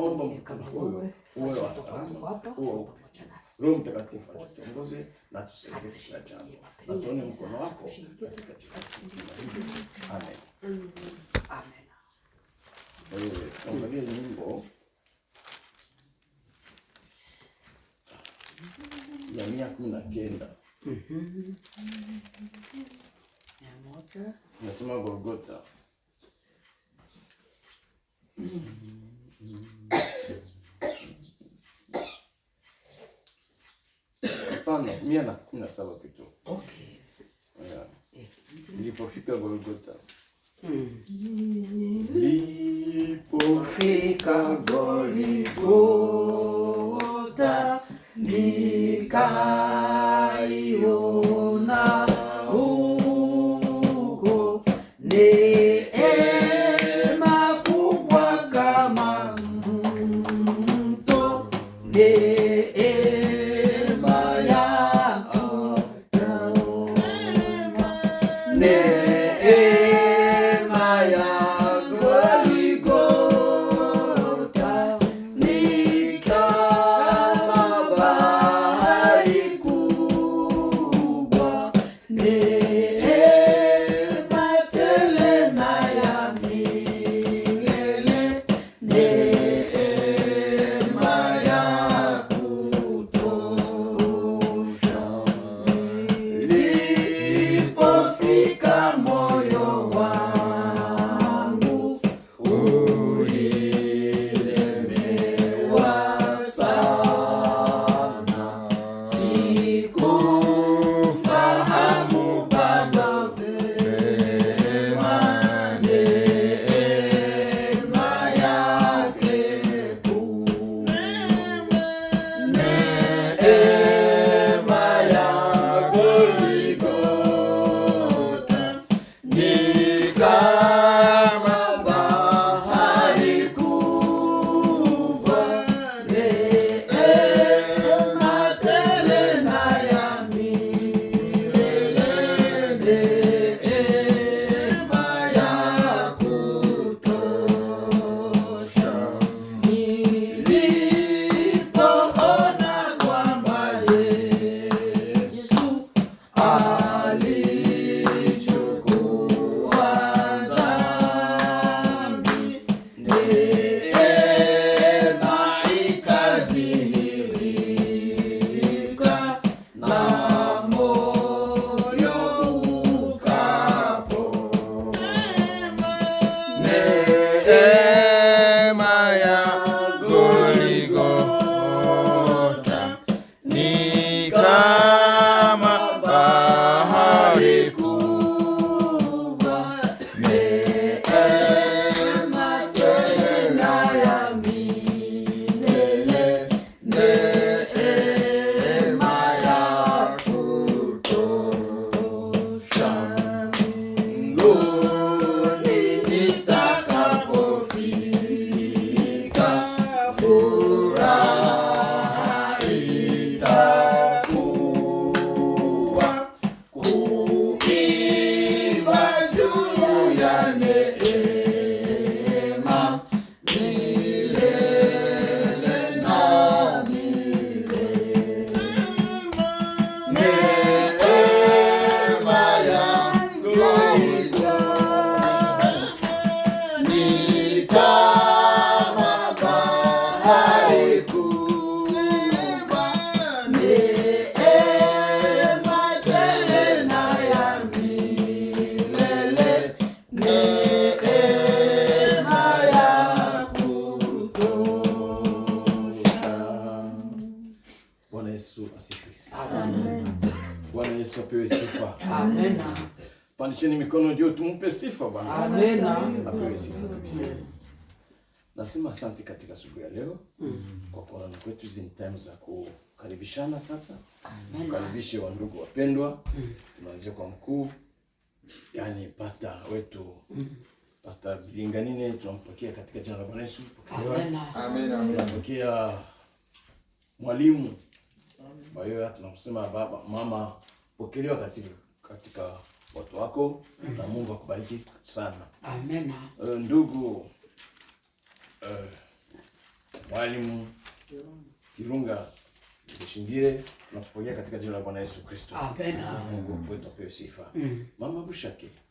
Omba kama huyo uwe wa salama, uwe uko Roho Mtakatifu atuongoze na tusaidie kila jambo, na tuone mkono wako katika jina la Amen. Amen. Tuangalie nyimbo ya mia kumi na kenda nasema Golgotha mia na kumi na saba kitu nilipofika Golgota, hmm. nilipofika Golgota nika new. kama bahari kubwa, neema tena ya milele, neema ya kutosha. apewe sifa. Amen. Pandisheni mikono juu, tumpe sifa Bwana. Amen. Apewe sifa kabisa. Nasema asante katika siku ya leo kwa kuonana kwetu, hizi ni time za kukaribishana sasa. Karibishe ndugu wapendwa, tunaanzia kwa mkuu, yaani pasta wetu Pasta Bilinganine tunampokea katika jina la Bwana Yesu. Amen. Amen. Tunampokea mwalimu. Kwa hiyo tunamsema baba mama pokelewa katika, katika watu wako mm na Mungu akubariki sana. Amen. Uh, ndugu uh, mwalimu Kirunga Mzeshingire kupokea katika jina la Bwana Yesu Kristo. Amen. Mungu wetu apewe sifa. Mm. Mama Bushake